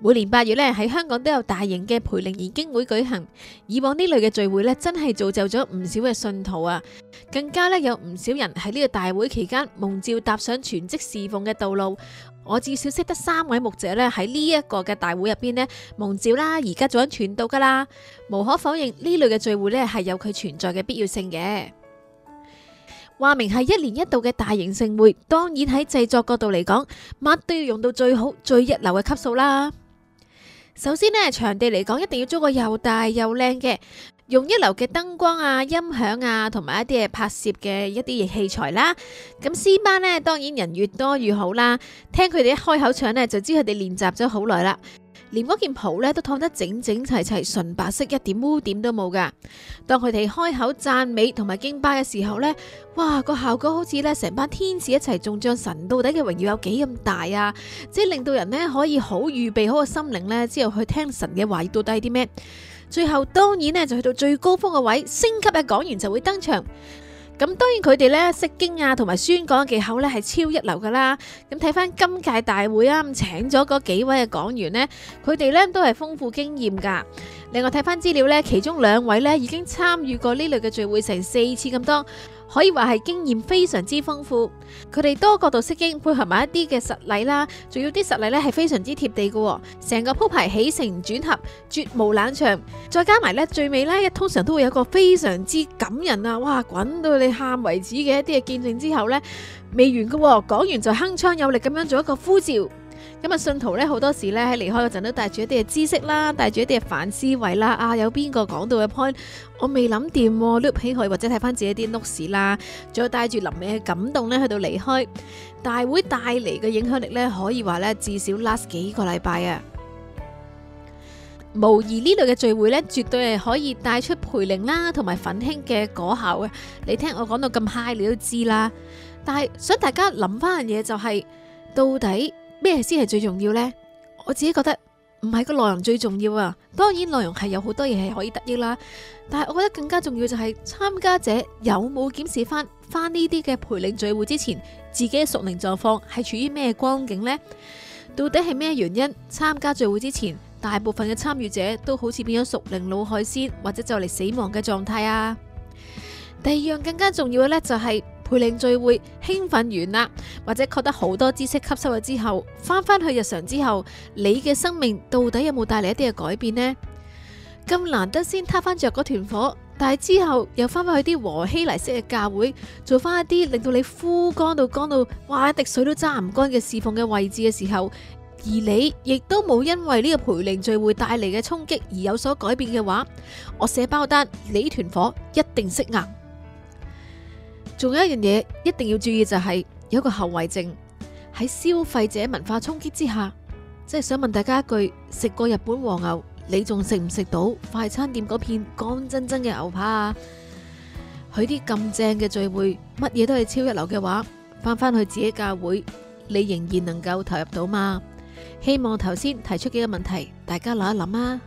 每年八月咧，喺香港都有大型嘅培靈研經會舉行。以往呢類嘅聚會咧，真係造就咗唔少嘅信徒啊！更加咧，有唔少人喺呢個大會期間蒙召踏上全職侍奉嘅道路。我至少識得三位牧者咧，喺呢一個嘅大會入邊咧蒙召啦，而家做緊傳道噶啦。無可否認，呢類嘅聚會咧係有佢存在嘅必要性嘅。話明係一年一度嘅大型盛會，當然喺製作角度嚟講，乜都要用到最好、最一流嘅級數啦。首先呢，場地嚟講一定要租個又大又靚嘅，用一流嘅燈光啊、音響啊，同埋一啲嘢拍攝嘅一啲器材啦。咁詩班呢，當然人越多越好啦。聽佢哋一開口唱呢，就知佢哋練習咗好耐啦。連嗰件袍咧都燙得整整齊齊、純白色，一點污點都冇㗎。當佢哋開口讚美同埋敬拜嘅時候呢，哇個效果好似咧成班天使一齊頌唱神到底嘅榮耀有幾咁大啊！即係令到人呢可以好預備好個心靈呢，之後去聽神嘅話語到底係啲咩？最後當然呢就去到最高峰嘅位，星級嘅講員就會登場。咁當然佢哋咧識經啊，同埋宣講嘅技巧咧係超一流㗎啦。咁睇返今屆大會啊，咁請咗嗰幾位嘅講員咧，佢哋咧都係豐富經驗㗎。另外睇翻資料咧，其中兩位咧已經參與過呢類嘅聚會成四次咁多，可以話係經驗非常之豐富。佢哋多角度適應配合埋一啲嘅實例啦，仲要啲實例咧係非常之貼地嘅。成個鋪排起承轉合，絕無冷場。再加埋咧，最尾咧，通常都會有一個非常之感人啊！哇，滾到你喊為止嘅一啲嘅見證之後咧，未完嘅，講完就鏗鏘有力咁樣做一個呼召。咁啊，信徒咧好多時咧喺離開嗰陣都帶住一啲嘅知識啦，帶住一啲嘅反思位啦。啊，有邊個講到嘅 point，我未諗掂，碌起佢或者睇翻自己啲 note 啦，仲有帶住臨尾嘅感動咧去到離開大會，帶嚟嘅影響力咧可以話咧至少 last 幾個禮拜啊。無疑呢類嘅聚會咧，絕對係可以帶出培靈啦，同埋奮興嘅果效啊。你聽我講到咁 high，你都知啦。但係想大家諗翻樣嘢就係到底。咩先係最重要呢？我自己覺得唔係個內容最重要啊。當然內容係有好多嘢係可以得益啦，但係我覺得更加重要就係參加者有冇檢視翻翻呢啲嘅培靈聚會之前自己嘅熟齡狀況係處於咩光景呢？到底係咩原因參加聚會之前大部分嘅參與者都好似變咗熟齡老海鮮或者就嚟死亡嘅狀態啊？第二樣更加重要嘅咧就係、是。培靈聚會興奮完啦，或者覺得好多知識吸收咗之後，翻返去日常之後，你嘅生命到底有冇帶嚟一啲嘅改變呢？咁難得先撻翻着嗰團火，但係之後又翻返去啲和稀泥式嘅教會，做翻一啲令到你枯乾到乾到，哇！一滴水都揸唔乾嘅侍奉嘅位置嘅時候，而你亦都冇因為呢個培靈聚會帶嚟嘅衝擊而有所改變嘅話，我寫包單，你團火一定熄硬。仲有一樣嘢一定要注意，就是，就係有一個後遺症，喺消費者文化衝擊之下，即係想問大家一句：食過日本和牛，你仲食唔食到快餐店嗰片乾真真嘅牛扒啊？佢啲咁正嘅聚會，乜嘢都係超一流嘅話，翻返去自己教會，你仍然能夠投入到嘛？希望頭先提出幾個問題，大家諗一諗啊！